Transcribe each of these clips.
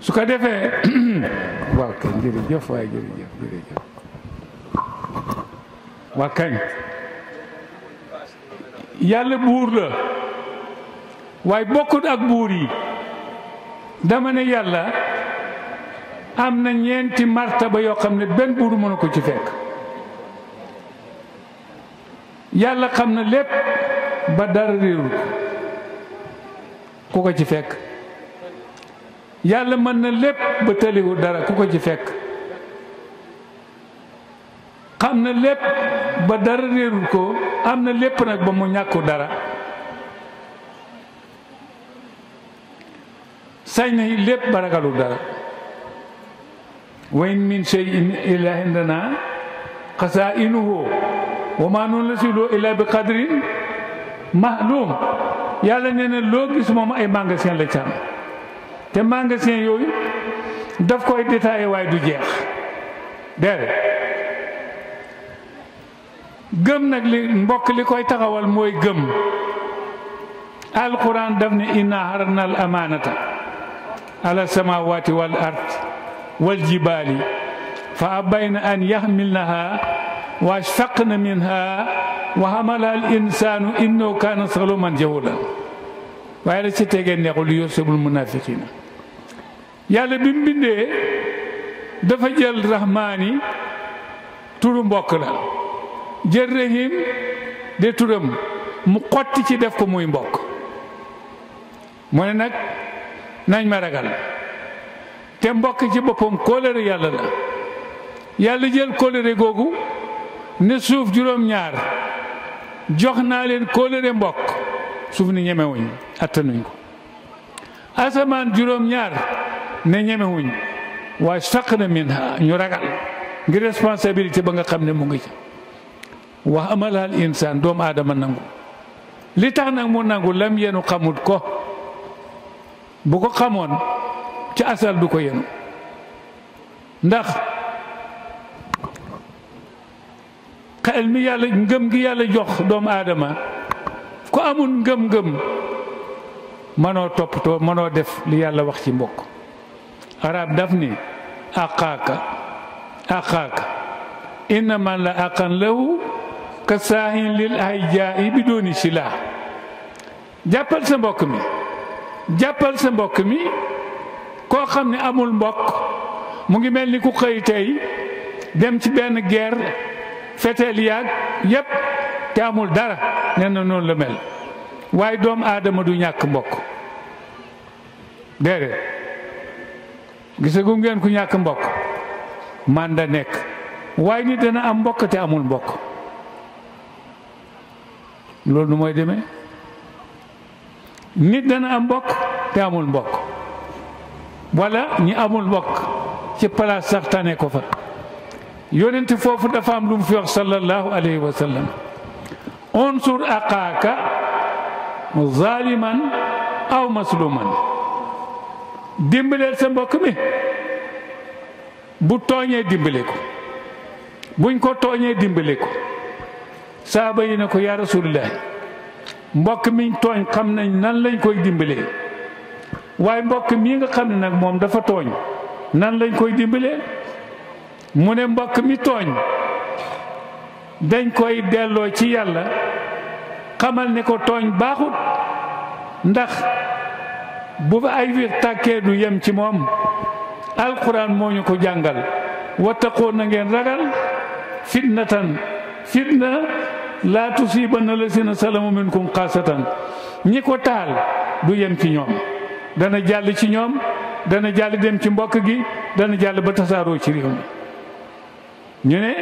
su ko defee waaw kañ jërëjëf waaye waa kañ yàlla buur la waaye bokkut ak buur yi dama ne yàlla am na ñeenti martaba yoo xam ne benn buur mënu ko ci fekk yàlla xam na lépp ba dara réeru ku ko ci fekk yàlla mën na lépp ba tëliwu dara ku ko ci fekk xam na lépp ba dara réerul ko am na lépp nag ba mu ñàkku dara sañ na lépp ba ragalu dara wa in min shay'in illa indana xasaa'inuhu wa maa nunazziluhu illa bi qadrin ma'luum yàlla nee loo gis moom ay magasin la ci te mànga magasin yooyu daf koy détaillé waaye du jeex déedéet gëm nag li mbokk li koy taxawal mooy gëm alquran daf ne inna harna al amaanata ala samawati wal ard wal jibaali fa na an yaxmilnaha wa asfaqna minha wa hamala al insaanu innahu kaana zaluman jahula waaye la ci tegee neexul yusibul munafiqina yàlla bi mu dafa jël rahmaani turu mbokk la jël rahim de turam mu xotti ci def ko muy mbokk mu ne nag nañ ma ragal te mbokk ci boppam kóolëre yàlla la yàlla jël kóolëre googu ne suuf juróom-ñaar jox naa leen kóolëre mbokk suuf ni ñemewuñ attanuñ ko asamaan juróom-ñaar ne ñemewuñ waaye saq na minha ñu ragal ngir responsabilité ba nga xam ne mu ngi ci wax amalal insaan doomu aadama nangu li tax nag mu nangu lam yenu xamut ko bu ko xamoon ci asal du ko yenu ndax xel mi yàlla ngëm gi yàlla jox doomu aadama ko amul ngëm-ngëm mënoo toppatoo mënoo def li yàlla wax ci mbokk arab daf ni aqaaka aqaaka inna man la aqan lahu ka lil ay jaa yi bi dooni si laa jàppal sa mbokk jàppal sa mbokk mi koo xam ni amul mbokk mu ngi mel ni ku xëy dem ci benn guerre feteel yaag yépp te amul dara nee na noonu la mel waaye doomu aadama du ñàkk mbokk déedéet gisagu ngeen ku ñàkk mbokk man da nekk waaye nit dana am mbokk te amul mbokk loolu mooy deme nit dana am mbokk te amul mbokk wala ñi amul mbokk ci place sax tane ko fa yonent foofu dafa am lu mu fi wax sallallahu alayhi wa sallam unsur aqaaka zaliman aw masluman dimbaleel sa mbokk mi bu tooñee dimbale ko buñ ko tooñee dimbale ko saaba yi ne ko yaa rasulullah mbokk miñ tooñ xam nañ nan lañ koy dimbalee waaye mbokk mi nga xam ne nag moom dafa tooñ nan lañ koy dimbalee mu ne mbokk mi tooñ dañ koy delloo ci yàlla xamal ne ko tooñ baaxut ndax bu ba ay wiir tàkkee du yem ci moom alquran moo ñu ko jàngal wattaqoo na ngeen ragal fitnatan fitna laa tusiibanna lazina salamu minkum xaasatan ñi ko taal du yem ci ñoom dana jàll ci ñoom dana jàll dem ci mbokk gi dana jàll ba tasaaroo ci réew ñu ne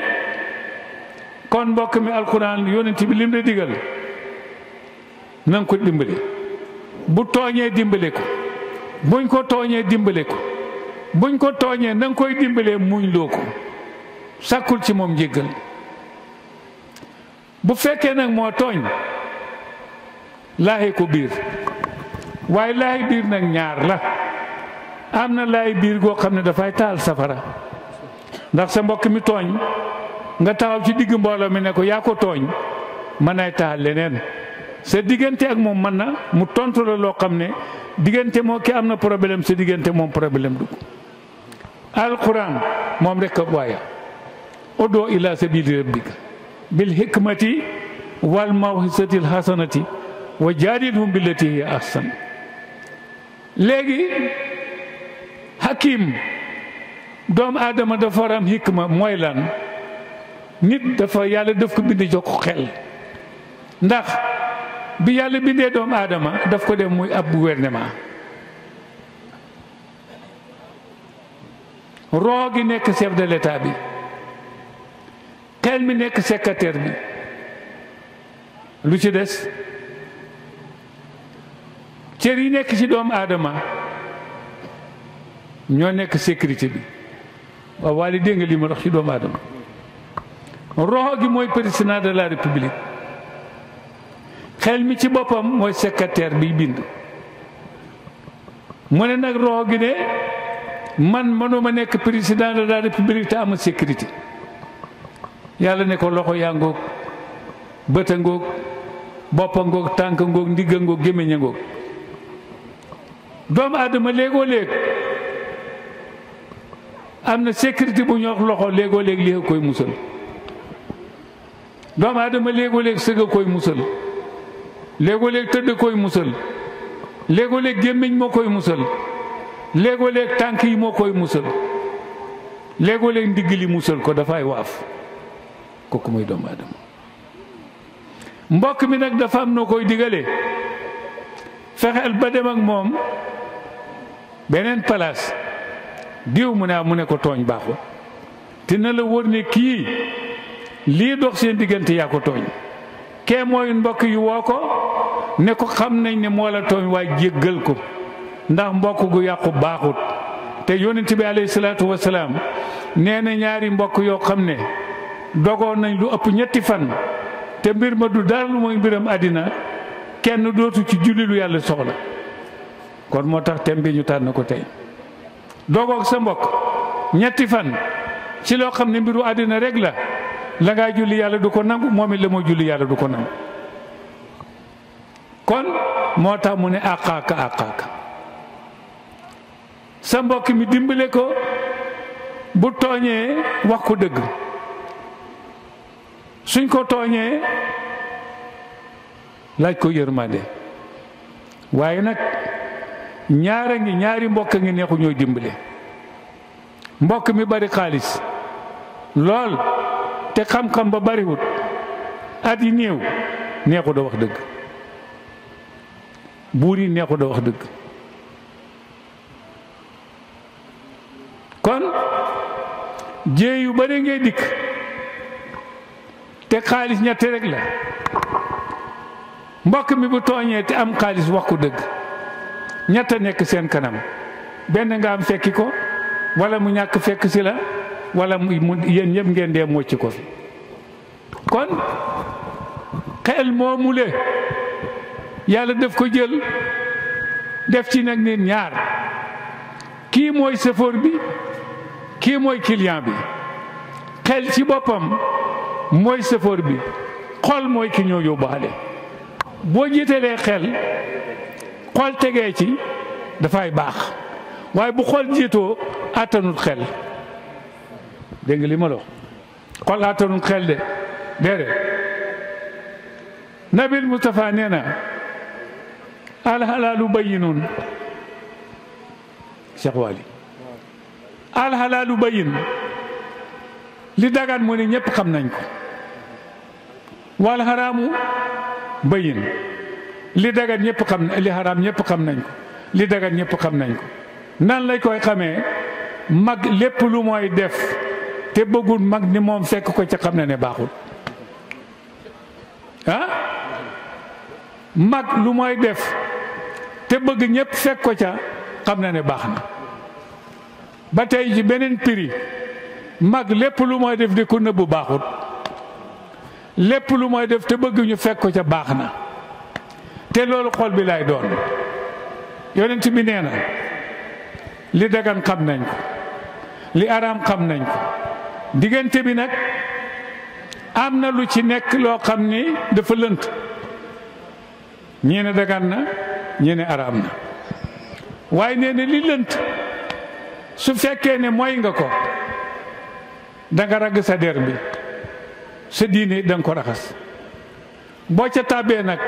kon mbokk mi alquran yonent bi lim la digal na ko dimbali bu tooñee dimbale ko buñ ko tooñee dimbale ko buñ ko tooñee na koy dimbalee muñ loo ko sakkul ci moom njéggal bu fekkee nag moo tooñ laaxe ko biir waaye laay biir nag ñaar la am na laay biir goo xam ne dafay taal safara ndax sa mbokk mi tooñ nga taxaw ci digg mbooloo ne ko yaa ko tooñ mën nay taal leneen sa diggante ak moom man na mu tontu la loo xam ne diggante moo ki am na problème sa diggante moom problème dugg alquran moom rek a waaye odoo ila sabili rabbika bil hikmati wal mawhisatil hasanati wa jaadilhum billati hiya ahsan léegi hakim doomu aadama dafa war am hikma nit dafa yàlla daf ko bind jox xel ndax bi yàlla bindee doomu aadama daf ko dem muy ab gouvernement roo gi nekk chef de l'état bi xel mi nekk secrétaire bi lu ci des cër yi nekk ci doomu aadama ñoo nekk sécurité bi waaw waali dégg nga li ma ci doomu aadama roo gi mooy président de la république xel mi ci boppam mooy secrétaire biy bind mu ne nag roxo gi ne man mënuma nekk président de la république te amul sécurité yàlla ne ko loxo yaa ngoog bët a boppa ngoog tànk ngoog ndigg a ngoog gémmiñ doomu aadama léegoo léeg am na sécurité bu ñoox loxo léegoo léeg li koy musal doomu aadama léegoo léeg sëgg koy musal léegoo-léeg tëdd koy musal léegoo-léeg gémmiñ moo koy musal léegoo-léeg tànk yi moo koy musal léegoo-léeg ndigg li musal ko dafay waaf kooku muy doomu aadama mbokk mi nag dafa am noo koy digalee fexeel ba dem ak moom beneen palaas diw mu ne ah mu ne ko tooñ baaxul te na la wóor ne kii lii dox seen diggante yaa ko tooñ kee mooy mbokk yu woo ko ne ko xam nañ ne moo la tooñ waaye jéggal ko ndax mbokk gu yàqu baaxut te yonent bi alayhi salaatu wasalaam nee na ñaari mbokk yoo xam ne dogoon nañ lu ëpp ñetti fan te mbir ma du dara lu mooy mbiram àddina kenn dootu ci julli lu yàlla soxla kon moo tax thème bi ñu tànn ko tey dogoog sa mbokk ñetti fan ci loo xam ne mbiru àddina rek la la ngaa yàlla du ko nangu moom it la moo julli yàlla du ko nangu kon moo tax mu ne àqaaka àqaaka sa mbokk mi dimbale ko bu tooñee wax ko dëgg suñ ko tooñee laaj ko yërmande waaye nag ñaara ngi ñaari mbokk ngi neexu ñooy dimbale mbokk mi bari xaalis lool te xam-xam ba bariwut at yi néew neexu da wax dëgg buur yi neexu da wax dëgg kon jéey yu bare ngay dikk te xaalis ñetti rek la mbokk mi bu tooñee te am xaalis wax ko dëgg ñett a nekk seen kanam benn nga am fekki ko walla mu ñàkk fekk si la wala mu yéen ñëpp ngeen dee mocc ko fi kon xel moomu le yàlla def ko jël def ci nag nit ñaar kii mooy sëfoor bi kii mooy client bi xel ci boppam mooy sëfoor bi xol mooy ki ñoo yóbbaale boo jiitalee xel xol tegee ci dafay baax waaye bu xol jiitoo àttanul xel dégg nga li ma la wax xolaatanum xel de déedéet nabil Moustapha nee na alxalaalu bayinun Cheikh Waly alxalaalu li dagaan mu ne ñëpp xam nañ ko wal xaraamu bayin li dagan ñépp xam li xam nañ ko li dagan ñëpp xam nañ ko nan la koy xamee mag lépp lu mooy def te bëggul mag ni moom fekk ko ca xam na ne baaxul ah? mag lu mooy def te bëgg ñépp fekk ko ca xam na ne baax na ba tey ji beneen prix mag lépp lu mooy def di ko nëbbu baaxul lépp lu mooy def te bëgg ñu fekk ko ca baax na te loolu xol bi lay doon yonent bi nee na li dagan xam nañ ko li araam xam nañ ko diggante bi nag am na lu ci nekk loo xam ni dafa lënt ñii dagan na ñii ne araam na waaye nee na li lënt su fekkee ne moy nga ko danga ragg sa der bi sa diine danga ko raxas boo ca tàbbee nag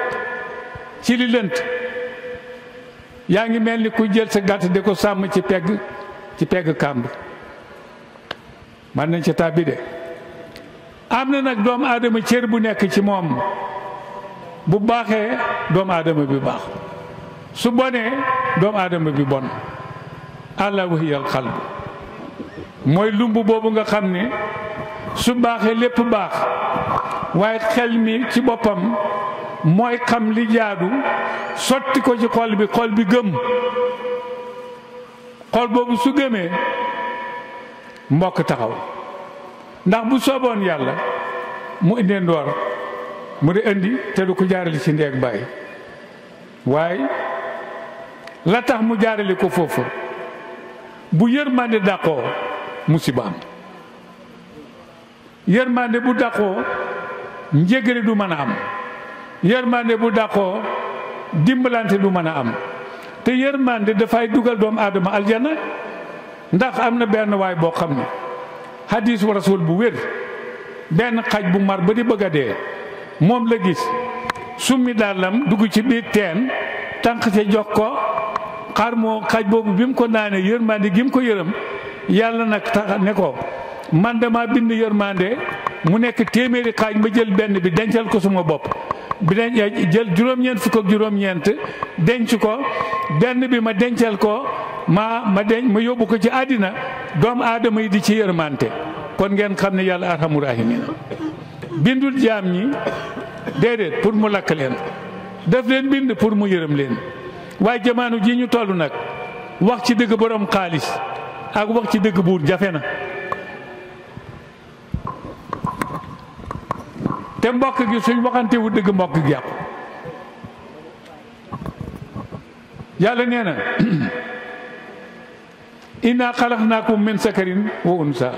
ci li lënt yaa ngi mel ni ku jël sa gàtt di ko sàmm ci pegg ci pegg kàmb man nañ ca tàbbi de am na nag doomu aadama cër bu nekk ci moom bu baaxee doomu aadama bi baax su bonee doomu aadama bi bon àlla waxiyal xalb mooy lumb boobu nga xam ni su baaxee lépp baax waaye xel mi ci boppam mooy xam li jaadu sotti ko ci xol bi xol bi gëm xol boobu su gëmee mbokk taxaw ndax bu sooboon yàlla mu indee ndoor mu di indi te du ko jaarale ci ndeeg bàyyi waaye la tax mu jaarale ko foofu bu yërmande dàqoo musibaam yërmande bu dàqoo njégale du mën a am yërmande bu dàqoo dimbalante du mën a am te yërmande dafay dugal doomu aadama aljana ndax am na benn waay boo xam ne hadis wa rasul bu wér benn xaj bu mar ba di bëgg a dee moom la gis summi dàllam dugg ci biir teen tànq ca jox ko xar moo xaj boobu bi mu ko naanee yërmande gi mu ko yërëm yàlla nag tax ne ko man dama bind yërmande mu nekk téeméeri xaaj ma jël benn bi dencal ko suma bopp bi dañ jël juróom-ñeent fukk ak juróom-ñeent denc ko benn bi ma denceel ko ma ma denc ma yóbbu ko ci àddina doomu aadama yi di ci yërmante kon ngeen xam ne yàlla arhamu rahimin bindul jaam ñi déedéet pour mu lakk leen def leen bind pour mu yërëm leen waaye jamaanu ji ñu toll nag wax ci dëgg borom xaalis ak wax ci dëgg buur jafe na te mbokk gi suñ waxante wu dëgg mbokk gi yàqu yàlla nee na inna xalaxnaakum min sakarin wa unsa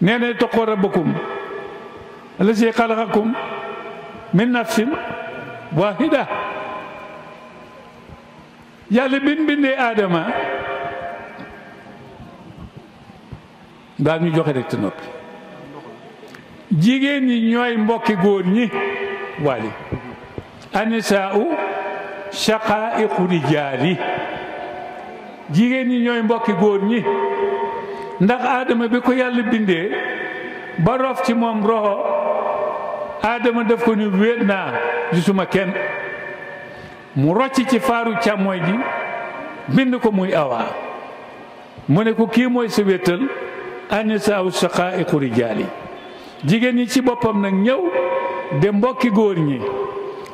nee na toqoo rabbakum allasi xalaxakum min nafsin wahida yàlla bin bindee aadama daa ñu joxe rek te noppi jigéen ñi ñooy mbokki góor ñi wali anisaau shaqaiqu rijaali jigéen ñi ñooy mbokki góor ñi ndax aadama bi ko yàlla bindee ba rof ci moom roxo aadama def ko ni wéet naa gisuma kenn mu rocc ci faaru càmmooy ji bind ko muy awaa mu ne ko kii mooy sa wéttal anisaau shaqaiqu rijaali jigéen ñi ci boppam nag ñëw de mbokki góor ñi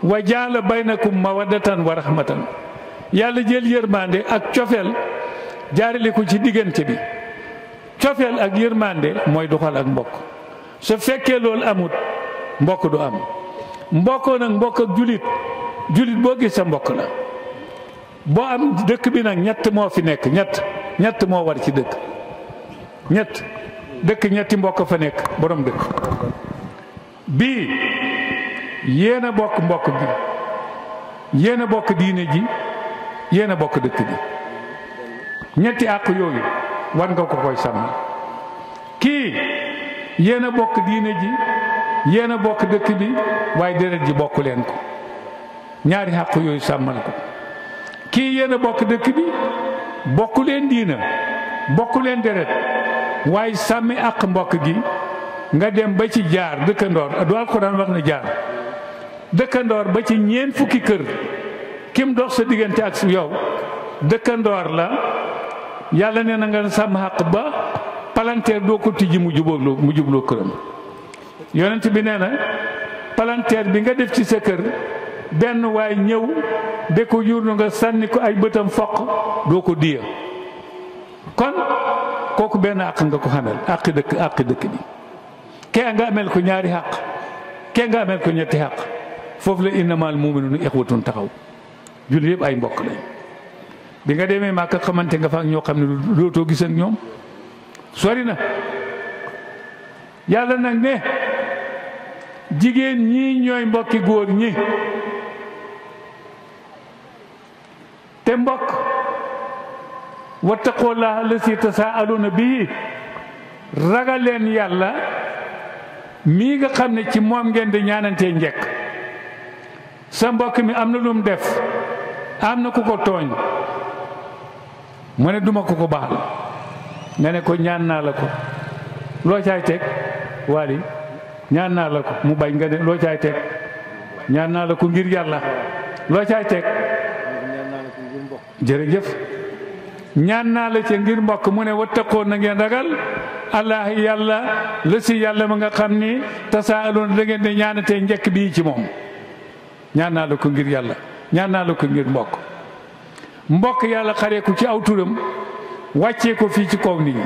wa jaala baynakum mawaddatan wa rahmatan yàlla jël yërmande ak cofeel jaarale ko ci diggante bi cofeel ak yërmande mooy doxal ak mbokk su fekkee lool amut mbokk du am mbokkoo nag mbokk ak julit julit boo gis sa mbokk la boo am dëkk bi nag ñett moo fi nekk ñett ñett moo war ci dëkk ñett dëkk ñetti mbokk fa nekk borom dëkk bii yéen a bokk mbokk bi yéen bokk diine ji yéen bokk dëkk bi ñetti àq yooyu war nga ko koy sàmm kii yéen a bokk diine ji yéen bokk dëkk bi waaye deret ji bokk leen ko ñaari àq yooyu sàmmal ko kii yéen bokk dëkk bi bokk leen diina bokk leen deret waaye sàmmi àq mbokk gi nga dem ba ci jaar dëkkandoor du alxuraan wax na jaar dëkkandoor ba ci ñeent fukki kër kim dox sa diggante ak yow dëkkandoor la yàlla ne na nga sàmm àq ba palanteer doo ko tijji mu jubloo mu jubloo këram yonent bi nee na palanteer bi nga def ci sa kër benn waay ñëw de ko yurnu nga sànni ko ay bëtam foq doo ko diya kon kooku benn àq nga ko xamel àqi dëkk àqi dëkk bi nga amel ko ñaari àq kee nga amel ko ñetti àq foofu la innamal mu'minuna ixwatun taxaw julli yëpp ay mbokk lañ bi nga demee Màkka xamante nga fa ak ñoo xam ne dootoo gis ak ñoom sori na yàlla nag ne jigéen ñii ñooy mbokki góor ñi te mbokk wattaqullaha allasi tasaaluna bii ragal leen yàlla mii nga xam ne ci moom ngeen di ñaanantee njekk sa mbokk mi am na lu mu def am na ku ko tooñ mu ne duma ko ko baal nga ne ko ñaan naa la ko loo caay teg waali ñaan naa la ko mu bañ nga ne loo caay teg ñaan naa la ko ngir yàlla loo caay teg jërëjëf ñaan naa la ci ngir mbokk mu ne wattaqoo na ngeen ragal allah yàlla la yàlla ma nga xam ni tasaaloon da ngeen di ñaanatee njëkk bii ci moom ñaan naa ko ngir yàlla ñaan ko ngir mbokk mbokk yàlla xaree ko ci aw turam wàccee ko fii ci kaw nit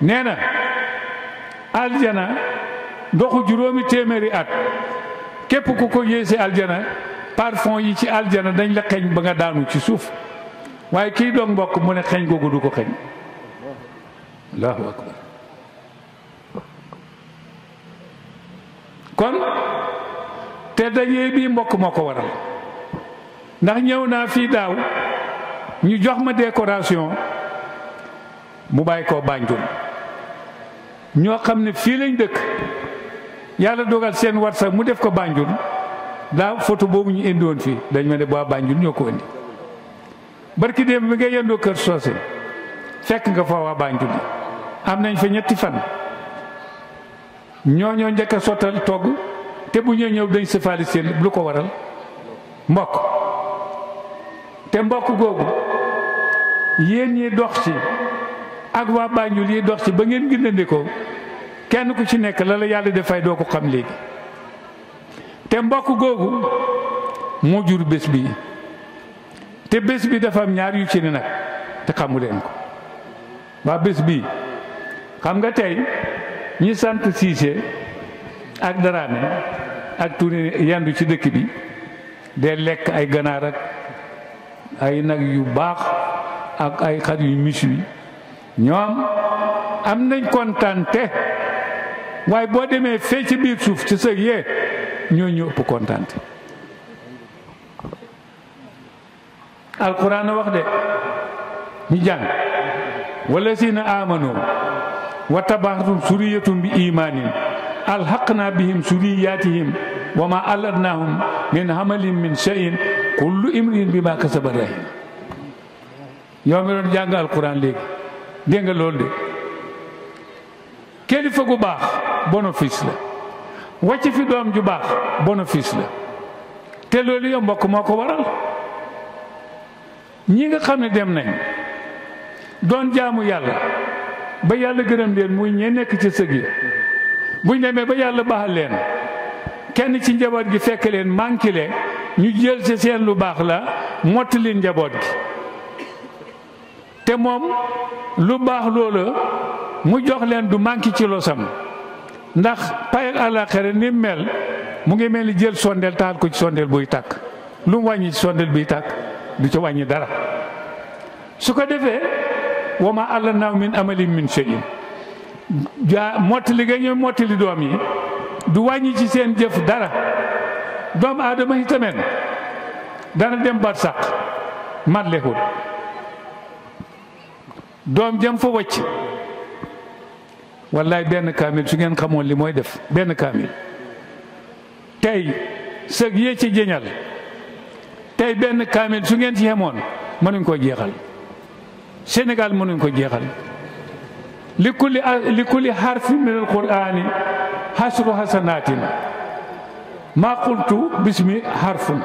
nee na aljana doxu juróomi téeméeri at képp ku ko yéese aljana parfon yi ci aljana dañ la ba nga daanu ci suuf waaye kii doog mbokk mu ne xeeñ googu du ko xeeñ allahu kon te dajee bii mbokk moo ko waral ndax ñëw naa fii daaw ñu jox ma décoration mu bàyyi ko Banjul ñoo xam ne fii lañ dëkk yàlla dogal seen war sax mu def ko Banjul daaw photo boobu ñu indiwoon fii dañ ma ne bu waa Banjul ñoo ko indi barki démb bi nga yendoo kër soose fekk nga fa waa Banjul am nañ fa ñetti fan ñooñoo njëkk a sottal togg te bu ñoo ñëw dañ sëfaali seen lu ko waral mbokk te mbokk googu yéen ñi dox ci ak waa Banjul yi dox ci ba ngeen gindandikoo kenn ku ci nekk la la yàlla defay doo ko xam léegi te mbokk googu moo jur bés bii te bés bi dafa am ñaar yu ci ne nag te xamu dem ko waa bés bi xam nga tey ñi sant Cissé ak Dramé ak Touré yandu ci dëkk bi de lekk ay ganaar ak ay nag yu baax ak ay xar yu mis wi ñoom am nañ kontante waaye boo demee fee ci biir suuf ci sëg yee ñoo ñu ëpp kontante a wax de ñu jàng wala sina amanu wa tabaxatum suriyatum bi imanin alhaqna bihim suriyatihim wa ma alladnahum min hamalin min shay'in kullu imrin bi ma kasaba rahin yow mi doon jàng alquran léegi dégg de kilifa gu baax bénéfice la wàcc fi doom ju baax bénéfice la te loolu yow mbokk moo ko waral ñi nga xam ne dem nañ doon jaamu yàlla ba yàlla gërëm leen muy ñee nekk ci sëg yi buñ demee ba yàlla baax leen kenn ci njaboot gi fekk leen manqué leen ñu jël ci seen lu baax la mottali njaboot gi te moom lu baax loola mu jox leen du manqué ci losam ndax pay ak àllaaxira mel mu ngi mel ni jël sondeel taal ko ci sondeel buy tàkk lu mu wàññi ci sondeel buy tàkk du ca wàññi dara su ko defee wa ma àll naaw min amalim min shay'in jaa mottali ga ñooy mottali doom yi du wàññi ci seen jëf dara doomu aadama yi tamit dana dem barsàq man lexul doom jëm fa wëcc wallaay benn kaamil su ngeen xamoon li mooy def benn kaamil tey sëg yee ci jëñal tey benn kaamil su ngeen ci yemoon mënuñ koo jeexal Sénégal mënuñ ko jeexal li kulli li kulli harfi min hasru hasanatin ma qultu bismi harfun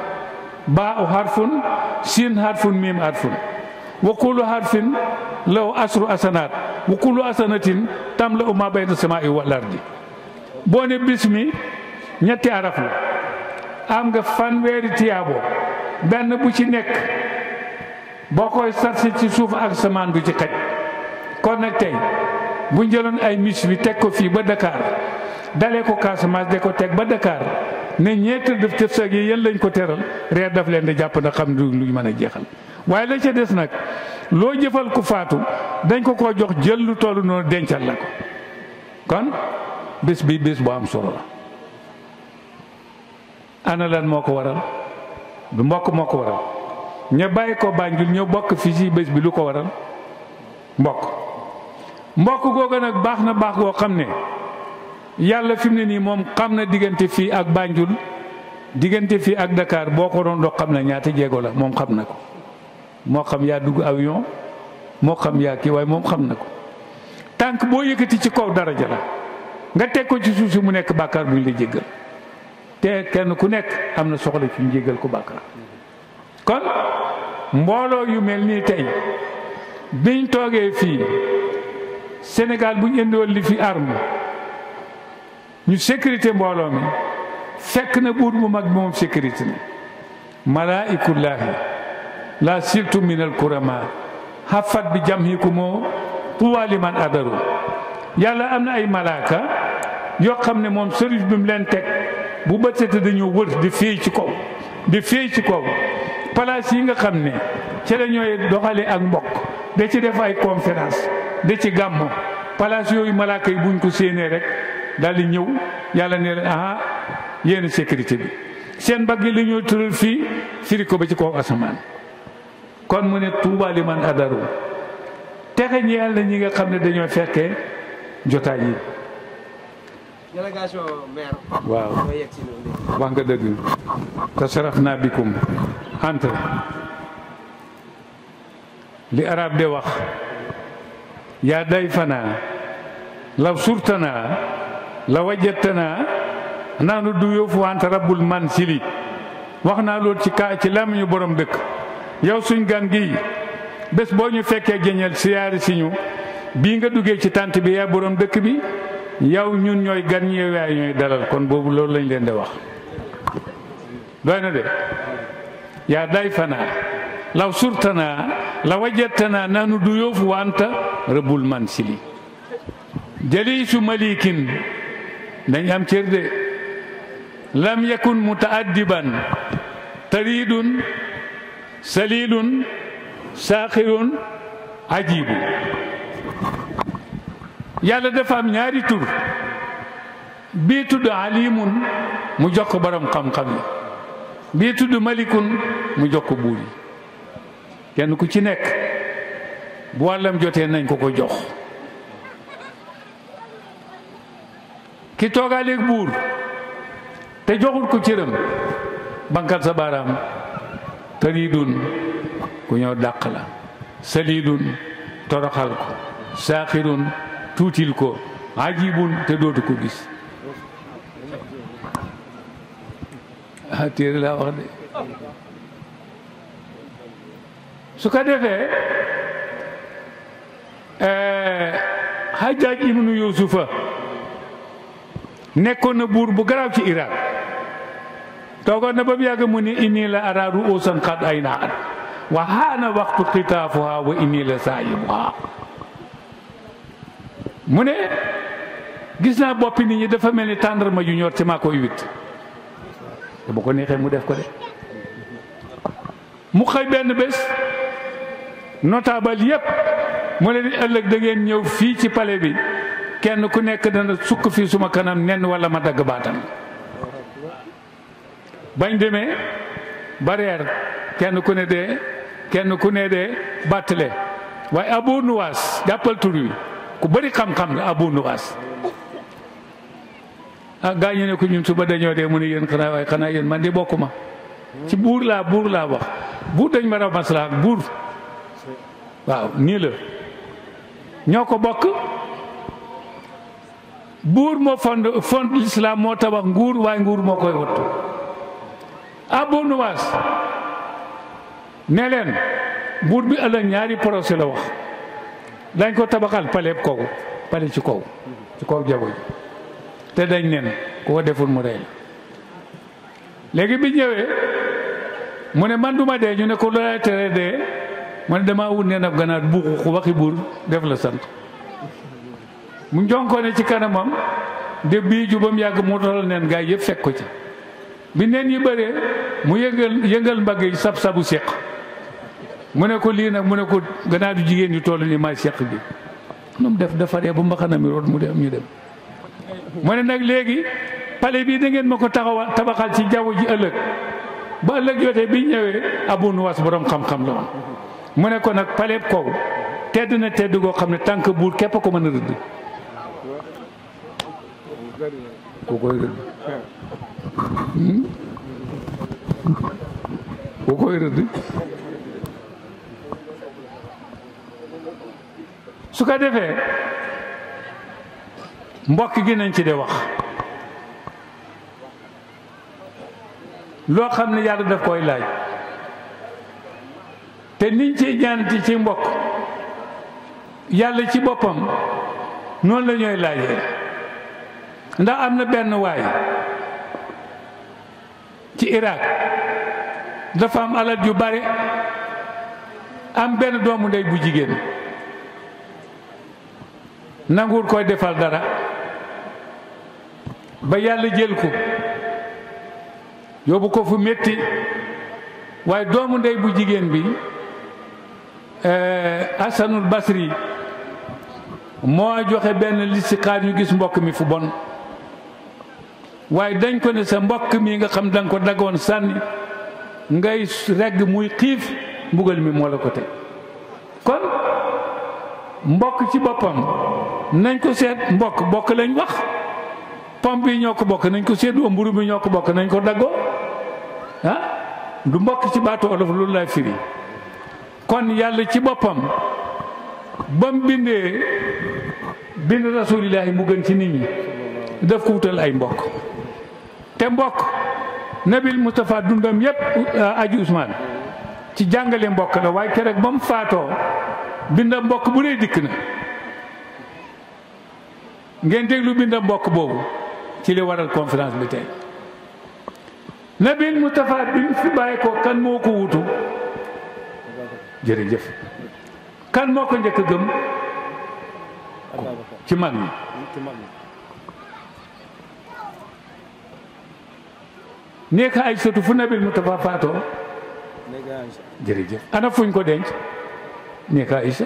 baau harfun siin harfun miim harfun wa kullu harfin law asru asanat wa kullu asanatin tam la uma bayna samaai wal ardi boo ne bismi ñetti araf la am nga fanweeri tiyaaboo benn bu ci nekk boo koy sarse ci suuf ak samaan du ci xaj kon nag tey bu njëloon ay miss bi teg ko fii ba Dakar dalee ko Casamance de ko teg ba Dakar ne ñeent def tëb sag yi yéen lañ ko teral reer daf leen di jàpp na xam du luñ mën a jeexal waaye la ca des nag loo jëfal ko faatu dañ ko ko jox jël lu tollu noonu dencal la ko kon bés bi bés bu am solo la ana moo ko waral du mbokk moo ko waral ña bàyyi ko Banjul ñoo bokk fii ci bés bi lu ko waral mbokk mbokk googu nag baax na baax goo xam ne yàlla fi mu ne nii moom xam na diggante fii ak Banjul diggante fii ak Dakar boo ko doon dox xam na ñaata jéego la moom xam na ko moo xam yaa dugg avion moo xam yaa kii waaye moom xam na ko tànk boo yëkkati ci kaw daraja la nga teg ko ci suuf si mu nekk bàkkaar buñ la jéggal te kenn ku nekk am na soxla ci njégal ko bàkkaar kon mbooloo yu mel nii tey biñ toogee fii Sénégal buñ indiwoon li fi arme ñu sécurité mbooloo mi fekk na buur mu mag bi moom sécurité na malaa'ikullaahi laa sirtu minal kurama xafat bi jam hiku moo tuwaali man adaru yàlla am na ay malaaka yoo xam ne moom service bi mu leen teg bu bët sete dañoo wër di féey ci kaw di féey ci kaw palaas yi nga xam ne ci la ñooy doxalee ak mbokk da ci def ay conférence da ci gàmm palaas yooyu malaaka yi buñ ko séenee rek daal di ñëw yàlla ne leen aha yéen sécurité bi seen mbagg yi la ñoo tëral fii firi ko ba ci kaw asamaan kon mu ne tuubaa li man adaru texe ñi yàlla ñi nga xam ne dañoo fekkee jotaay yi délégation maire. waaw wax nga dëgg tasaraf naa bikum entre li arab de wax yaa day fanaa law surtanaa la wajattanaa naanu du yóofu anta rabbul man sili wax naa lool ci kaa ci lam ñu borom dëkk yow suñ gan gi bés boo ñu fekkee jëñal siyaari siñu bii nga duggee ci tànt bi yaa borom dëkk bi yow ñun ñooy gan ñooy waay ñooy dalal kon boobu loolu lañ leen de wax doy na de yaa day fanaa law surtanaa la wajattanaa nanu du yoofu wanta rëbbul man sili jëli su malikin dañ am cër de lam yakun mutaaddiban taridun salilun saaxirun ajibu yàlla dafa ñaari tur bii tudd alimun mu jox ko borom xam-xam yi bii tudd malikun mu jox ko buur yi kenn ku ci nekk bu wàllam jotee nañ ko ko jox ki toogaaleeg buur te joxul ko cëram bankal sa baaraam tariidun ku ñëw dàq la saliidun toroxal ko saaxirun tuutil ko ajibun te dootu ko gis ah, su ko defee eh, Hajjaaj ibnu Yusufa nekkoon na buur bu garaaw ci Irak toogoon na ba mu yàgg mu ne inni la araadu uusan xad ay naa at wa haana waxtu xitaafuha wa inni la saayibuha mu ne gis naa boppi nit ñi dafa mel ni tàndarma ju ñor ci maa koy wit te bu ko neexee mu def ko de mu xëy benn bés notable yépp mu leen di ëllëg da ngeen ñëw fii ci pale bi kenn ku nekk dana sukk fii suma kanam nen wala ma dagg baatam bañ demee barrière kenn ku ne dee kenn ku ne dee bàttale waaye Abu Nuwaas jàppal tur ku bari xam-xam la abu nuwaas ah, gaañu ne ko ñun suba dañoo dee mu ne yéen xanaa waaye xanaa yéen man di bokkuma ci buur laa buur laa wax buur dañ ma a maslaa buur waaw nii la ñoo ko bokk buur moo fond fond l'islam moo tabax nguur waaye nguur moo koy wattu abu nuwaas leen buur bi ëllëg ñaari procès la wax dañ ko tabaxal pale kaw pale ci kaw ci kaw jago ji te dañ nen ku ko deful mu rey la léegi bi ñëwee mu ne man duma dee ñu ne ko loola tere dee mu ne damaa wut nen ganaar buuxu ku waxi def la sant mu jonkoone ci kanamam de bii jubam yàgg mu toll nen gaay yëpp fekk ko ci bi nen yi bëree mu yëngal yëngal mbagg yi sab sabu seq mu ne ko lii nag mu ne ko gannaaw jigéen ñu toll nii may seq bi nu def dafa bu mbaxana mi root mu dem ñu dem mu ne nag léegi pale bii da ngeen ma ko taxawal tabaxal ci jaww ji ëllëg ba ëllëg jotee bi ñëwee abu nuwas borom xam-xam la woon mu ne ko nag pale kaw tedd na tedd goo xam ne tànk buur képp ko mën a rëdd ku koy rëdd hmm? ku koy rëdd su ko defee mbokk gi nañ ci di wax loo xam ne yàlla daf koy laaj te niñ ci ñaanti ci mbokk yàlla ci boppam noonu la ñooy laajee ndax am na benn waay ci Irak dafa am alal yu bare am benn doomu ndey bu jigéen nanguwul koy defal dara ba yàlla jël ko yóbbu ko fu metti waaye doomu ndey bu jigéen bi eh, Asanul Basri moo joxe benn listixaar ñu gis mbokk mi fu bon waaye dañ ko ne sa mbokk mi nga xam danga ko daggoon sànni ngay regg muy xiif mbugal mi moo la ko teg mbokk ci boppam nañ ko seet mbokk bokk lañ wax pom bi ñoo ko bokk nañ ko seetloo mburu bi ñoo ko bokk nañ ko daggoo ah du mbokk ci baatu olof loolu laay firi kon yàlla ci boppam ba mu bindee bind rasulillahi mu ci nit ñi ko wutal ay mbokk te mbokk nabil Moustapha dundam yépp ah, aju Ousmane ci jàngale mbokk la waaye keroog ba mu faatoo bindam mbokk bu ne dikk na ngeen déglu bindam mbokk boobu ci li waral conférence bi tey nabil Moustapha bi fi bàyyi ko kan moo ko wutu jërëjëf kan moo ko njëkk gëm ci mag ñi nekk ay sotu fu nabil Moustapha faatoo jërëjëf ana fuñ ko denc nekk Aïcha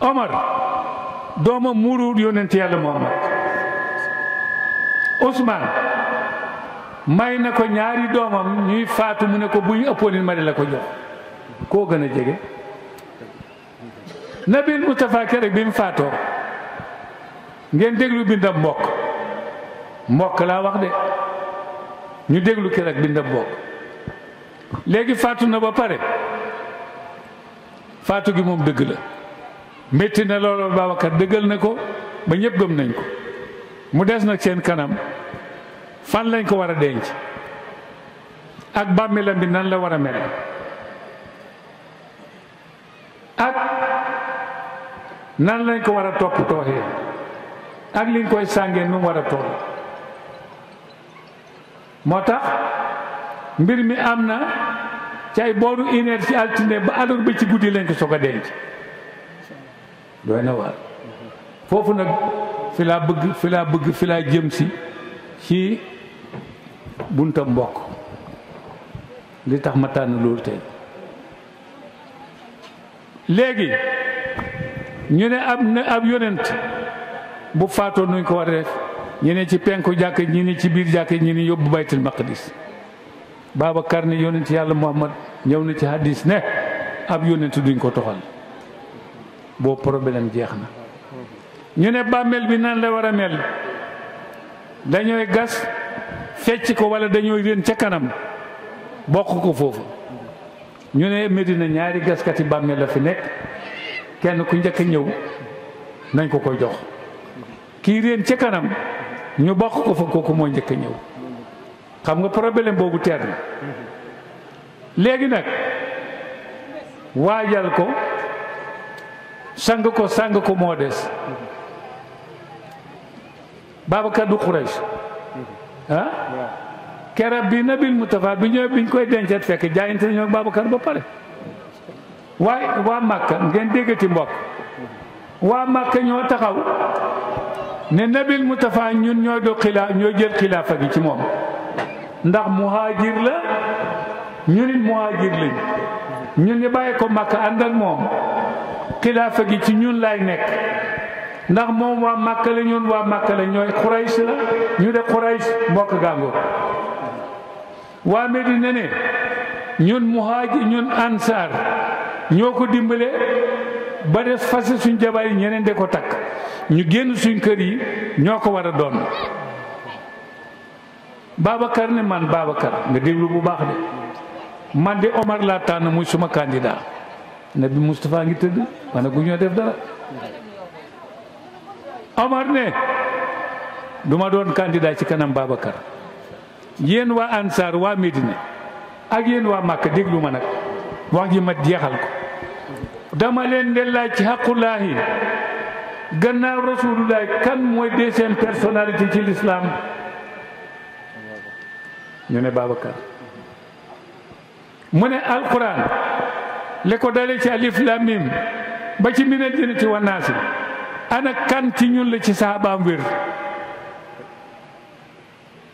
Omar doomam muuru yonent yàlla Muhammad Ousmane may na ko ñaari doomam ñuy faatu mu ne ko buy ëppoon ma di la ko jox koo gën a jege Nabil Moustapha Kéré bi mu faatoo ngeen déglu bindam mbokk mbokk laa wax de ñu déglu kéré ak bindam mbokk léegi faatu na ba pare faatu gi moom dëgg la métti na loolool Babacar dëggal na ko ba ñépp gëm nañ ko mu des na seen kanam fan lañ ko war a denc ak bàmmeelam bi nan la war a mel ak nan lañ ko war a topp tooxee ak liñ koy sàngee nu mu war a toll moo tax mbir mi am na cay booru une ci altine ba alors ba ci guddi lañ ko soog a denc doy na waar foofu nag fi laa bëgg fi laa bëgg fi laa jëm si ci bunta mbokk li tax ma tànn loolu tey léegi ñu ne ab ne ab yonent bu faatoo nuñ ko war a def ñu ne ci penku jàkk ñi ni ci biir jàkk ñi ni yóbbu baytul maqdis Babacar ne ci yàlla Muhammad ñëw na ci hadis ne ab yonent duñ ko toxal boo problème jeex na ñu ne bàmmeel bi nan la war a mel dañooy gas fecc ko wala dañooy reen ca kanam bokk ko foofu ñu ne Medina ñaari gaskati bàmmeel la fi nekk kenn ku njëkk ñëw nañ ko ko jox kii reen ca kanam ñu bokk ko fa kooku moo njëkk ñëw xam nga problème boobu teer léegi nag waajal ko sang ko sang ko moo des Babacar du Quraysh ah kerab bi mu Mustafa bi ñëw biñ koy dencat fekk jaayante ñoo Babacar ba pare waaye waa Màkka ngeen déggati mbokk waa Màkka ñoo taxaw ne mu Mustafa ñun ñoo do xilaa ñoo jël xilaafa gi ci moom ndax muhaajir la ñu nit muhaajir lañ ñun ñu bàyyi ko Makka ànd ak moom xilaafa gi ci ñun lay nekk ndax moom waa Makka la ñun waa Makka la ñooy Quraysh la ñu de Quraysh mbokk gàngoor waa Medina ne ñun muhaajir ñun ansaar ñoo ko dimbale ba def fase suñ jabar yi ñeneen de ko takk ñu génn suñ kër yi ñoo ko war a doon Babacar ne man Babacar nga déglu bu baax de man di Omar laa tànn muy suma candidat ne bi Moustapha ngi tëdd ma ne gu ñoo def dara Omar ne du doon candidat ci kanam baabakar yéen waa Ansar waa Médina ak yéen waa Màkka déglu ma nag wax ji ma jeexal ko dama leen de laaj ci xaqulaahi gannaaw rasulullahi kan mooy deuxième personnalité ci l'islam ñu ne Babacar mu ne alquran li ko dalee ci alif ba ci minal jinnati wan naasi ana kan ci ñun la ci saabaam wér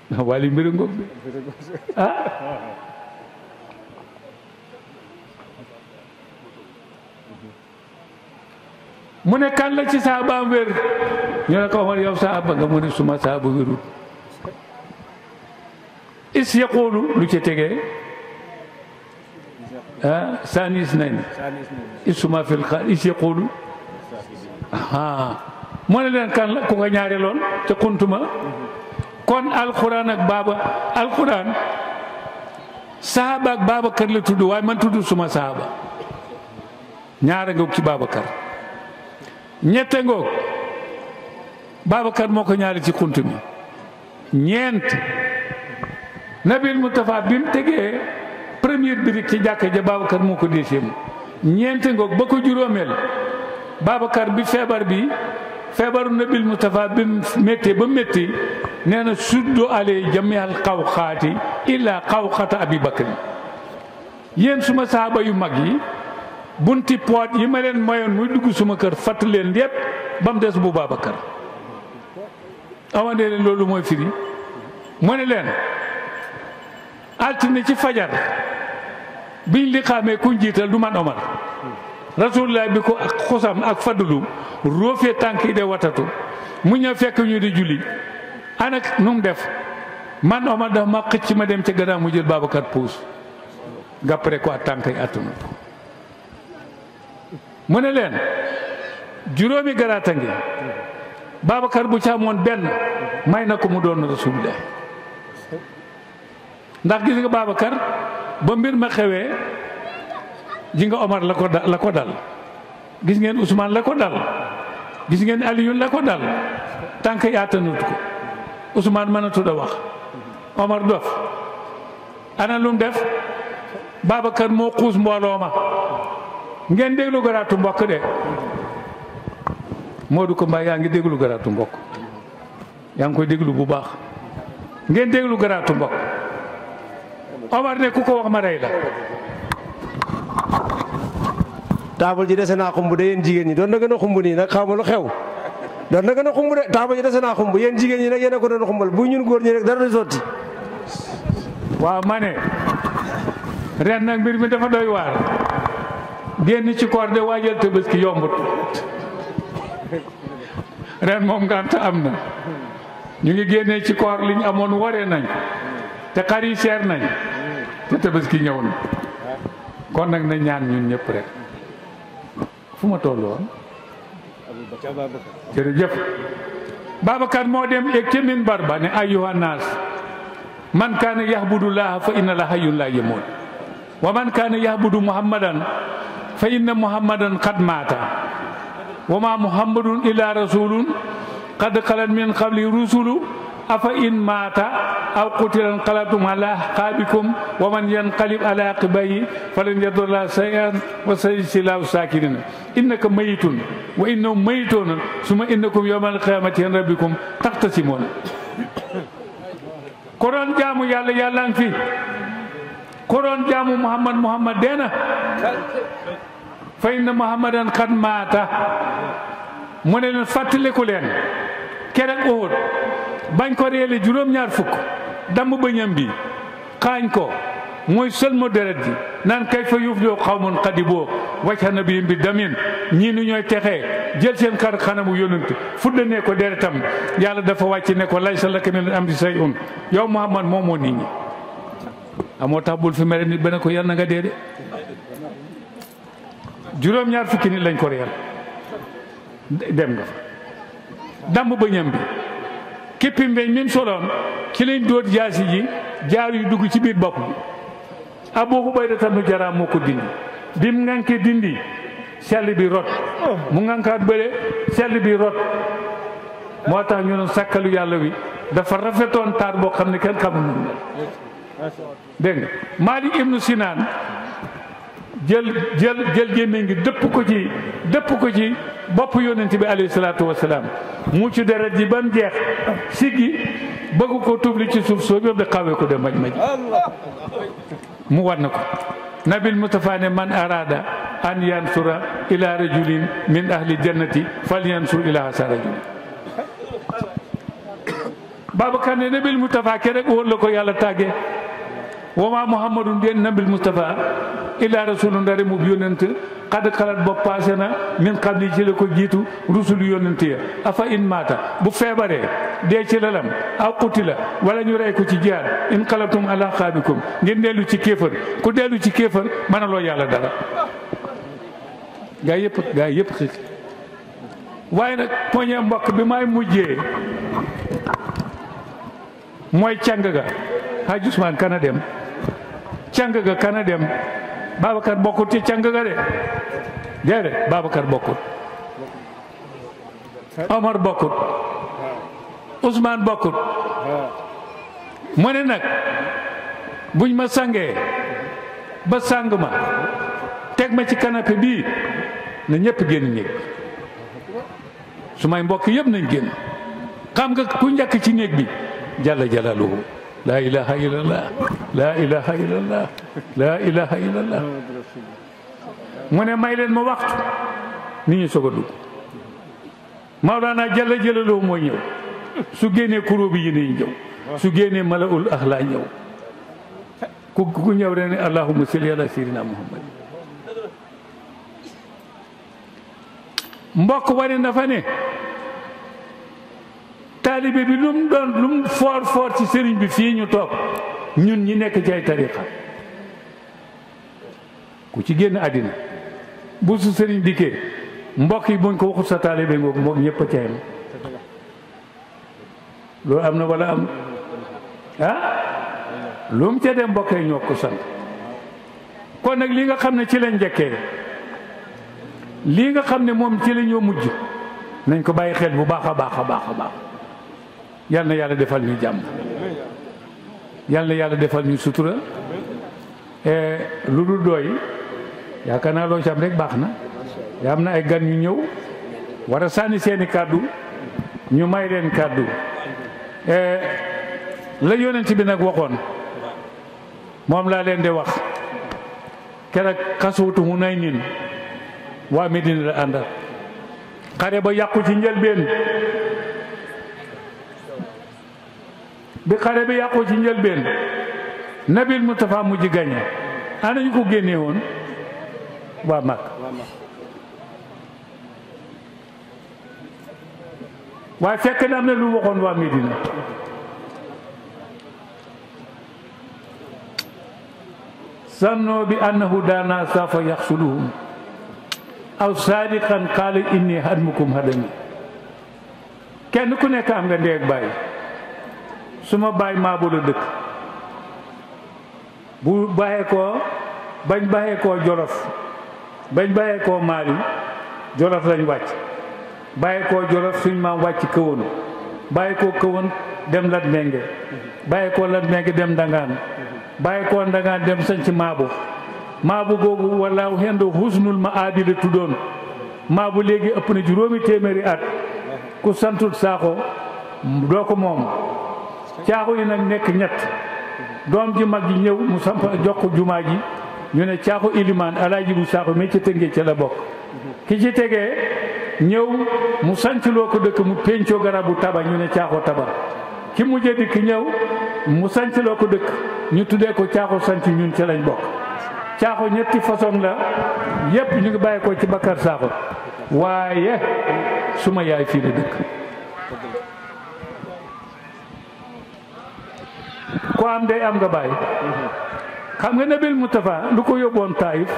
wali ah. ne kan la ci saabaam wér ñu ne ko woon yow saaba nga mu ne suma saabu wérut is lu ci tegee ah saani is nañ isuma fil xaal is yaqulu ah ne leen kan la ku ko ñaari loon ca kuntuma kon alxuraan ak baaba alxuraan saaba ak Babacar la tudd waaye man tudd suma saaba ñaara ngoog ci Babacar ñette ngoog Babacar moo ko ñaari ci kunt ñeent نبي المتفا بيم تيجي بريمير بريك تيجا كي بابا كار مو كدي سيم نين تنغوك بكو جروميل بابا كار بي فيبر بي فيبر نبي المتفا بيم ميتي بيم ميتي نانا سدو علي جميع القوخات الا قوخات ابي بكر ين سما صحابه يو ماغي بونتي بواد يمالين مايون موي دوغو سما كار فاتلين ديب بام ديس بو بابا كار اما نين لولو موي فيري مونيلين altine ci fajar biñ li xaamee kuñ jiital du man Omar rasulullah bi ko ak xosam ak fadulu roofee tànk de watatu mu ñëw fekk ñu di julli ana nu def man Omar dafa ma xëcc ma dem ca gannaaw mu jël Babacar puus gàppare ko ak tànk yi attuna mu ne leen juróomi garaata ngi Babacar bu ca amoon benn may na ko mu doon rasulullah ndax gis nga Babacar ba mbir ma xewee ji nga Omar la ko ko dal gis ngeen Ousmane la ko dal gis ngeen Aliou la ko dal tànk yaatanut ko Ousmane mënatul a wax Omar dof ana def Babacar moo xuus mbooloo ma ngeen déglu garaatu mbokk de Modou ko Mbaye yaa ngi déglu garaatu mbokk yaa ngi koy déglu bu baax ngeen déglu garaatu mbokk Omar ne ku ko wax ma rey la. taabal ji dese naa xumb de yéen jigéen ñi doon na gën a xumb nii nag xaw xew doon na gën a xumb de taabal ji dese naa xumb yéen jigéen ñi nag yéen a ko doon xumbal bu ñun góor ñi rek dara du sotti. waaw ma ne ren nag mbir mi dafa doy waar génn ci koor de waajal tabaski yombut ren moom ngànt am na ñu ngi génnee ci koor liñ amoon waree nañ te xar yi seer nañ te tabaski ñëw na kon nag na ñaan ñun ñëpp rek fu ma toll woon jërëjëf Babacar moo dem eeg ca minbar ba ne ayyuha naas man kaana yahbudu laaha fa inna la hayyun laa yamuut wa man kaana yahbudu muhammadan fa inna muhammadan qad maata wa ma muhammadun illa rasulun qad xalat min qabli rusulu أفإن مات أو قتل انقلبتم على أحقابكم ومن ينقلب على عقبيه فلن يضر الله شيئا وسيجزي الله الساكنين إنك ميت وإنهم ميتون ثم إنكم يوم القيامة عند ربكم تختصمون قرآن جامو يا الله يا الله جامو محمد محمد دينا فإن محمدا قد مات من الفتل كلين كرك أهود bañ ko reele juróom-ñaar fukk damm bëñam bi xaañ ko mooy sëlma deret ji naan kay fa yuuf doo xawmun xadiboo wacca na bi bi damin ñii nu ñooy texee jël seen xar xanamu yonent fuddanee ko deretam yàlla dafa wàcc ne ko lay sa lakka min am di say un yow Muhammad moomoo nit ñi amoo tax bul fi mere nit ba ne ko yal nga dee de juróom-ñaar fukki nit lañ ko reyal dem nga fa damm bëñam bi képpi mbeñ min soloon ci lañ dóor jaasi ji jaar yu dugg ci biir bopp bi Abu Ubayda tanu jaraa moo ko dindi bim ngànkee dindi sell bi rot mu ngànkaat bële sell bi rot moo tax ñu ne sàkkalu yàlla wi dafa rafetoon taar boo xam ne kenn xamul dégg nga Maalik ibnu Sinaan jël jël jël gémmiñ gi dëpp ko ci dëpp ko ci bopp yónnent bi alayhi salaatu wasalaam mu ci deret ji ba mu jeex siggi bëgg ko tubli ci suuf soo yóbbu de xawee ko de maj maj mu war ko nabil mustafa ne man arada an yansura ila rajulin min ahli jannati fal yansur ila hasa rajulin babacar ne nabil mustafa ke rek wóor la ko yàlla tàggee wa ma muhammadun den nabil mustafa illaa rasulun ndare mu yónnent xad xalat ba paase na min xam ni ci la ko jiitu rusul yónnent ya afa in maata bu feebaree dee ci lalam aw qutila wala ñu rey ko ci jihaad in xalatum ala xaabikum ngeen dellu ci kéefër ku dellu ci kéefër mënaloo yàlla dara gaa yëpp gaa yëpp xiif waaye nag poñe mbokk bi may mujjee mooy càng ga xaaj Ousmane kana dem càng ga kana dem Babacar bokkut ci càng ga de déedéet Babacar bokkut Omar bokkut Ousmane bokkut mu ne nag buñ ma sangee ba sang ma teg ma ci canapé bii na ñëpp génn néeg su may mbokk yëpp nañ génn xam nga ku njëkk ci néeg bi jàlla jàllaluhu laa ilaha illallah laa ilaha illallah laa ilaha illallah mu ne may leen ma waxtu nit ñi soog a dugg Mawlaana Jalla Jalaaluhu mooy ñëw su génnee kuróobi yi nañu ñëw su génnee malaul ahla ku ku ñëw rek ne allahumma salli ala sayyidina muhammad mbokk wari na fa ne taalibe bi lu mu doon lu mu foor foor ci sëriñ bi fii ñu toog ñun ñi nekk ci ay tariqa ku ci génn àddina bu su sëriñ dikkee mbokk yi buñ ko waxut sa taalibe ngoog moom ñëpp a cayam loolu am na wala am ah lu mu ca mbokkee ñoo ko sant kon nag lii nga xam ne ci lañ njëkkee lii nga xam ne moom ci la ñoo mujj nañ ko bàyyi xel bu baax a baax a baax a baax yal na yàlla defal ñu jàmm yal na yàlla defal ñu sutura e, lu dul doy yaakaar naa loo ci rek baax na yaa am na ay gan ñu ñëw war a sànni seeni kàddu ñu may leen kàddu e, la yonent bi nag waxoon moom laa leen di wax keroog xasuwutu mu nay nin waa Medina la àndal xare ba yàqu ci njëlbeen bi xare bi yàqoo ci njëlbeen nabil Moustapha mujj gañe ana ko génnee woon waa mag waaye fekk na am na lu waxoon waa Medina sannoo bi annahu daana safa yaxsuluhum aw saadiqan qaala inni hadmukum hadami kenn ku nekk am nga ndeeg bàyyi su ma baay maabo la dëkk bu baxee koo bañ baxee koo jolof bañ baxee koo maali jolof lañ wàcc bàyyi koo jolof suñ maam wàcc këwoon bàyyi koo këwoon dem lat menge bàyyi koo lat menge dem ndangaan bàyyi koo ndangaan dem sañc maabo maabu googu walla hendo husnul ma aadi la tuddoon maabu léegi ëpp na juróomi téeméeri at ku santul saaxo doo moom caaxu yi nag nekk ñett doom ji mag ji ñëw mu samp jox jumaa ji ñu ne caaxu ilimaan alaaji bu saaxu mais ci tëngee ca la bokk ki ci tegee ñëw mu sancloo ko dëkk mu péncoo garabu taba ñu ne caaxu taba ki mujjee dikk ñëw mu sancloo ko dëkk ñu tuddee ko caaxu sanc ñun ca lañ bokk caaxu ñetti façon la yépp ñu ngi bàyyi ko ci bakkar Saaxo waaye suma yaay fii la dëkk ku am day am nga bàyyi xam nga Nabil Moustapha lu ko yóbboon Taïf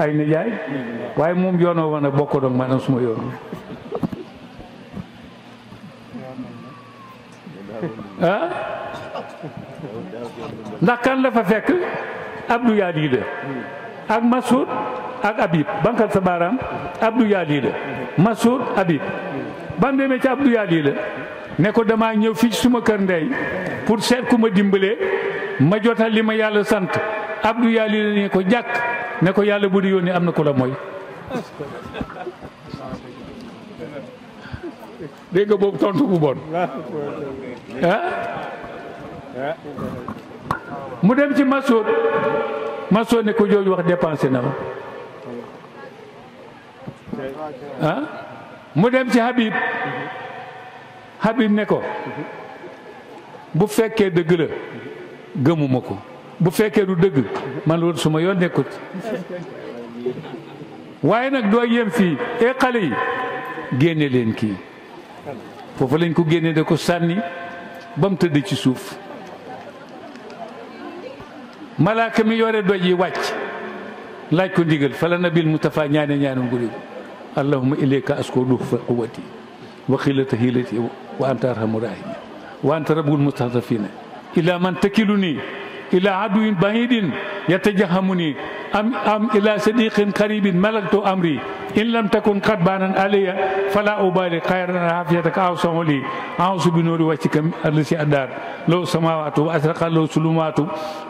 ay nijaay waaye moom yoonoo woon a doom doog maanaam suma yoon ah ndax kan la fa fekk Abdou Yadida ak Masoud ak Habib bankal sa baaraam Abdou Yadida Masoud Habib ban demee ci Abdou Yadida ne ko damaa ñëw fii suma kër ndey pour seet ku ma dimbalee ma jotal li ma yàlla sant Abdou Yàlla ko jàkk ne ko yàlla bu di yónnee am na ko la mooy dégg nga boobu tontu bu mu dem ci Masóor Masóor ne ko jooju wax dépensé na ma mu dem ci Habib Habib ne ko bu fekkee dëgg la gëmuma ko bu fekkee du dëgg man loolu suma ma yoon nekkut waaye nag doo yem fii e xale yi génne leen kii foofu lañ ko génne da ko sànni ba mu tëdd ci suuf malaaka mi yore doj yi wàcc laaj ko ndigal fala nabil mustafa ñaane ñaane ngurigu allahuma ilayka asko duux fa quwati wa xilata xilati wa anta arhamur rahimin wa anta rabbul mustahzafina ila man takilu nii إلى عدو بعيد يتجهمني أم, أم إلى صديق قريب ملكت أمري إن لم تكن قد بانا علي فلا أبالي خيرا عافيتك أو سمولي أعوذ بنور وجهك الذي أدار لو سماوات وأسرق لو سلمات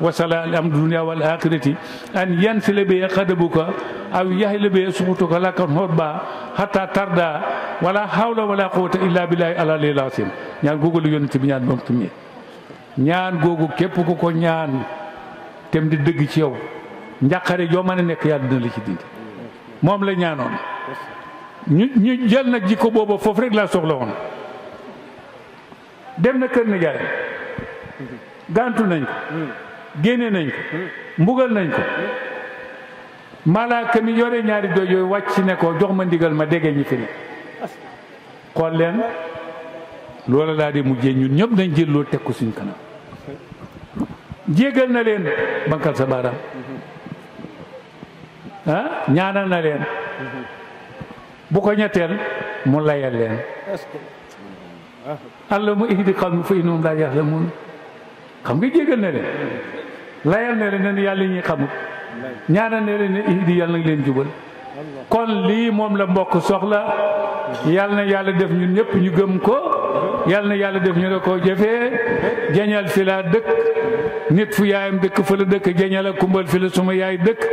وسلا الأمر الدنيا والآخرة أن ينسل بي قدبك أو يهل بي سقوطك لك هربا حتى ترضى ولا حول ولا قوة إلا بالله على ليلاتهم يعني جوجل يونتي بنيان ممكن ñaan googu képp ku ko ñaan tem di dëgg ci yow njàqare joo mën nekk yàlla dina la ci dindi moom la ñaanoon ñu ñu jël nag ji jikko booba foofu rek laa soxla woon dem na kër nijaay gantu nañ ko génne nañ ko mbugal nañ ko malaaka mi yore ñaari doj yooyu wàcc ne nekkoo jox ma ndigal ma dégg ñi fi ne xool leen loola laa di mujjee ñun ñëpp nañ jël loolu teg ko suñ kanam jégal na leen bankal sa baaraam ñaana mm-hmm. ah, ñaanal na leen mm-hmm. bu ko ñetteel mu layal leen ah. allah mu ihdi qawmi fa innahum laa ya'lamuun xam nga jégal na leen mm-hmm. layal na leen ne yàlla ñuy xamul ñaanal na leen ne ihdi yàlla nag leen jubal kon lii moom la mbokk soxla yàlla na yàlla def ñu ñëpp ñu gëm ko yàlla na yàlla def ñu ne koo jëfee jañal fi laa dëkk nit fu yaayam dëkk fa la dëkk jañal ak kumbal fi la suma yaay dëkk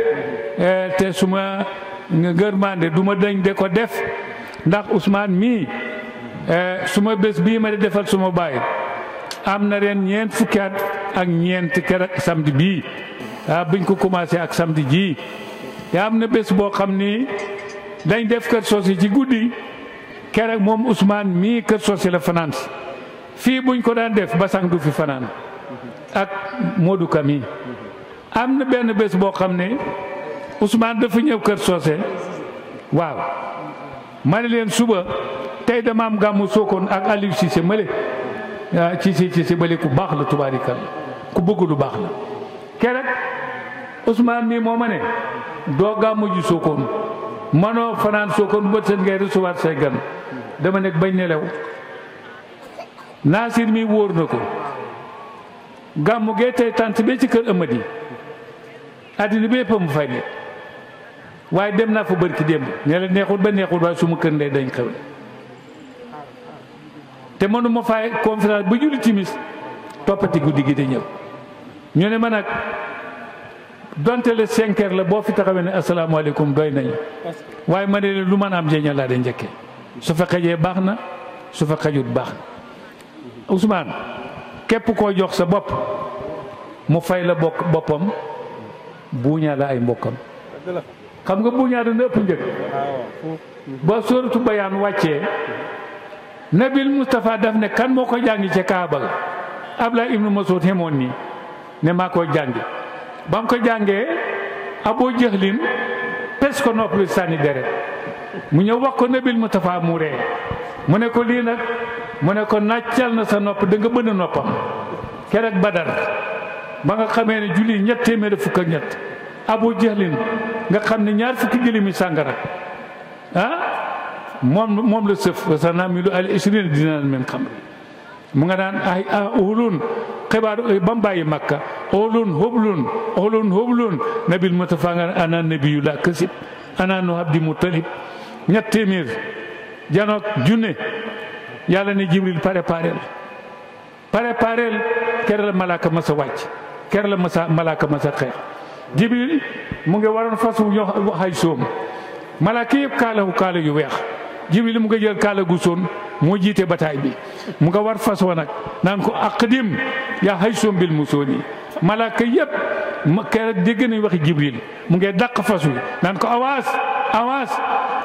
eh, te suma ngërmande du ma dañ de ko def ndax Ousmane mii eh, suma bés bii ma di defal suma baay am na ren ñeent fukki at ak ñeent ker samedi bii ah buñ ko commencé ak samedi jii te am na bés boo xam ni dañ def kër soosi ci guddi keroog moom usmaan mii kër soose la fanaan fii buñ ko daan def basang du fi fanaan ak Modou Kami am na benn bés boo xam ne Ousmane dafa ñëw kër soose waaw ma ne leen suba tey dama am gàmmu sookoon ak Aliou Cissé male ci ah, si ci si bale ku baax la tubaarikal ku bëgg lu baax la keroog Ousmane mii moo ma ne doo gàmmu ji manoo fanaan sookoon bët seen ngay recevoir say gan dama nekk bañ nelew Nasir mi wóor na ko gàmmu gee tey tànt bi ci kër Amady àddina bi yëpp mu fay nekk waaye dem naa fa bërki démb ne la neexul ba neexul waaye suma ma kër ndey dañ xew te mënuma fay conférence ba julli timis toppati guddi gi di ñëw ñu ne ma nag donte le cinq la boo fi taxawee ne asalaamaaleykum doy nañu waaye ma ne leen lu mën a am jeeñal laa de njëkkee su fa xëjee baax na su fa xëjut baax usmaan Ousmane képp koo jox sa bopp mu fay la bokk boppam buuñaa la ay mbokkam xam nga buuñaa dana ëpp njëg ba sóoratu bayaan wàccee nabil Moustapha daf ne kan moo ko jàngi ca Kaaba ga Abdoulaye ibnu Mas'ud xemoon nii ne maa koy jàngi ba ko jàngee Abu Jahlin pes ko nopp bi sànni deret mu ñëw wax ko nabil Mustafa mu ree mu ne ko lii nag mu ne ko nàccal na sa nopp danga nga mën a noppam keroog ba nga xamee ne julli ñett téeméeri fukk ak ñett abu jahlin nga xam ne ñaar fukki gëlimi sàngara ah moom moom la sëf sa naam lu al isrin dina men xam mu nga naan ay ah ulun xibaar ba mu bàyyi makka ulun hublun ulun hublun nabil Mustafa nga ana nabiyyu la kasib ana nu abdi mutalib ñett téeméer janoog junne yàlla ne jibril préparel préparel ker la malaaka ma sa wàcc ker la ma sa malaaka ma sa xeex jibril mu ngi waroon fas wu ñoo xay soom malaaka yëpp kaalawu kaala yu weex jibril mu ngi jël kaala gu soon moo jiite bataay bi mu nga war fas wa nag naan ko aqdim yaa xay soom mu musooni malaaka yëpp keroog dégg nañ waxi jibril mu ngi dàq fas wi naan ko awaas awaas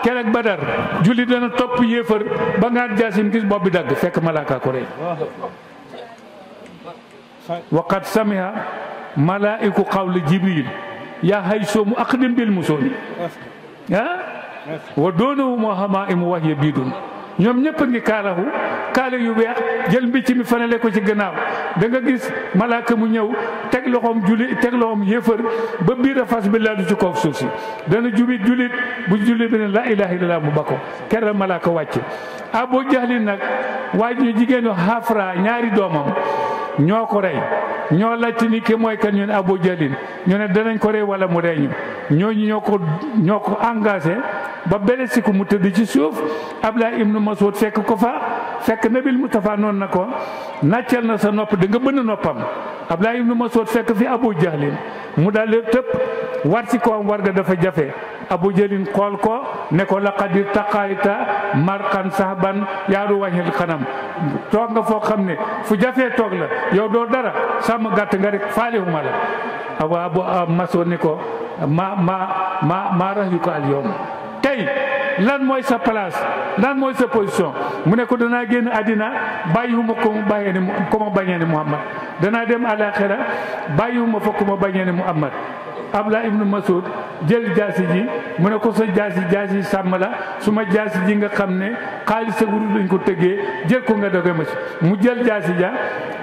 keroog badar julli dana topp yéefar ba ngaan jaasim gis bopp dagg fekk malaaka ko rey waqad samiha malaa'iku qawla jibril yaa hay soomu aqdim bil musooni ah wa doonahu moo xamaa imu wax ya bii dun ñoom ñëpp ngi kaalahu kaala yu weex jël mbicc mi fanale ko ci gannaaw da nga gis malaaka mu ñëw teg loxoom jullit teg loxoom ba biir fas bi laa du ci suuf si dana jubit jullit bu jullit bi ne laa ilaha illallah mu bakko ker la malaaka wàcc Abu Jahlin nag waa ñu jigéenu Hafra ñaari doomam ñoo ko rey ñoo laajte ni ki mooy kan ñoo ne Abu Jahlin ñu ne danañ ko rey wala mu rey ñu ñooñu ñoo ko ñoo ko engagé ba si ko mu tëdd ci suuf Abdullah ibnu Mas'ud fekk ko fa fekk nabil Mustafa noon na ko nàccal na sa nopp da nga bënn noppam Abdullah ma soot fekk fi Abu Jahlin mu daal di tëpp war ci kawam war ga dafa jafe Abu Jahlin xool ko ne ko laqad taqayta marqan sahban yaaru wàññil xanam toog nga foo xam ne fu jafe toog la yow doo dara sàmm gàtt nga rek faalihuma la Abu Mas'ud ne ko ma ma ma ma ko al yawm tey lan mooy sa place lan mooy sa position mu ne ko danaa génn àddina bàyyiwuma ko mu bàyyee ni ko ma bañee Muhammad danaa dem àlaaxira bàyyiwuma fa ko ma bañee ni Muhammad Abdullah ibnu Masud jël jaasi ji mu ne ko sa jaasi jaasi sàmm la su ma jaasi ji nga xam ne xaalis sa wurus lañ ko tëggee jël ko nga doge ma mu jël jaasi ja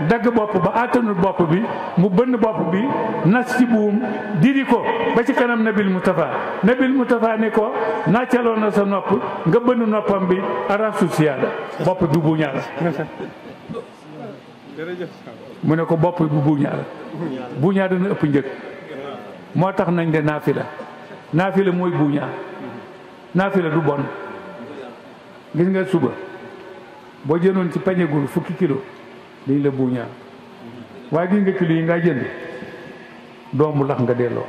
dagg bopp ba àttanul bopp bi mu bënn bopp bi nas ci buum diri ko ba ci kanam nabil Mustafa nabil Mustafa ne ko naccaloon na sa nopp nga bënn noppam bi arasu si yàlla bopp bi buuñaa la mu ne ko bopp bi buuñaa la buuñaa dana ëpp njëg moo tax nañ de naafila la mooy buuñaa naafila du bon gis nga suba boo jëndoon ci pañegul fukki kilo dañ la buuñaa waaye gis nga kilo yi ngaa jënd doomu lax nga delloo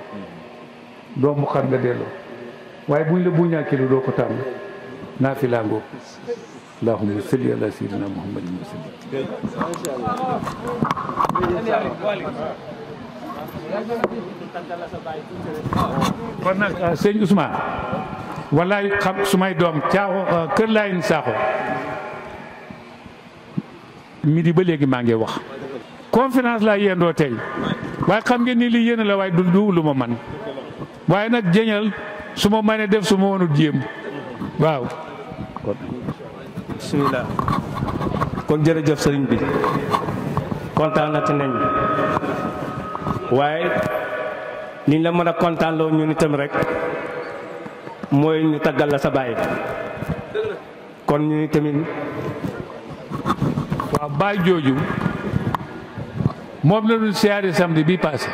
doomu xar nga delloo waaye buñ la buuñaa kilo doo ko tàmm naafi ngoo allahumma salli ala kon nag euh, sëñ Ousmane wallaay xam sumay doom caaxo euh, kër laayin saaxo midi ba léegi maa ngi wax conférence laa yendoo tey waaye xam ngeen ni lii yéen la waaye du du lu ma man waaye nag jëñal su ma manee def su ma wanut jéem waaw bismillah kon jërëjëf sëriñ bi kontaan na te nañ waaye liñ la mën a kontaanloo ñun itam rek mooy ñu taggal la sa baay kon ñu ni tamit waaw baay jooju moom la ñu siyaare samedi bi passé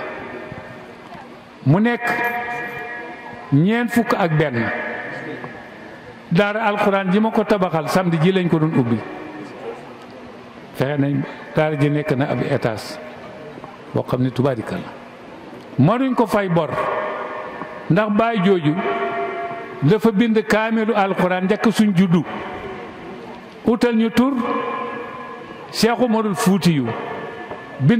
mu nekk ñeent fukk ak benn daara alxuraan ji ma ko tabaxal samdi ji lañ ko doon ubbi fexe nañ daara ji nekk na ab étage boo xam ne tubaarika la mënuñ ko fay bor ndax baay jooju dafa bind kaamilu alxuraan njëkk suñ juddu utal ñu tur Cheikh Umarul Fuuti bind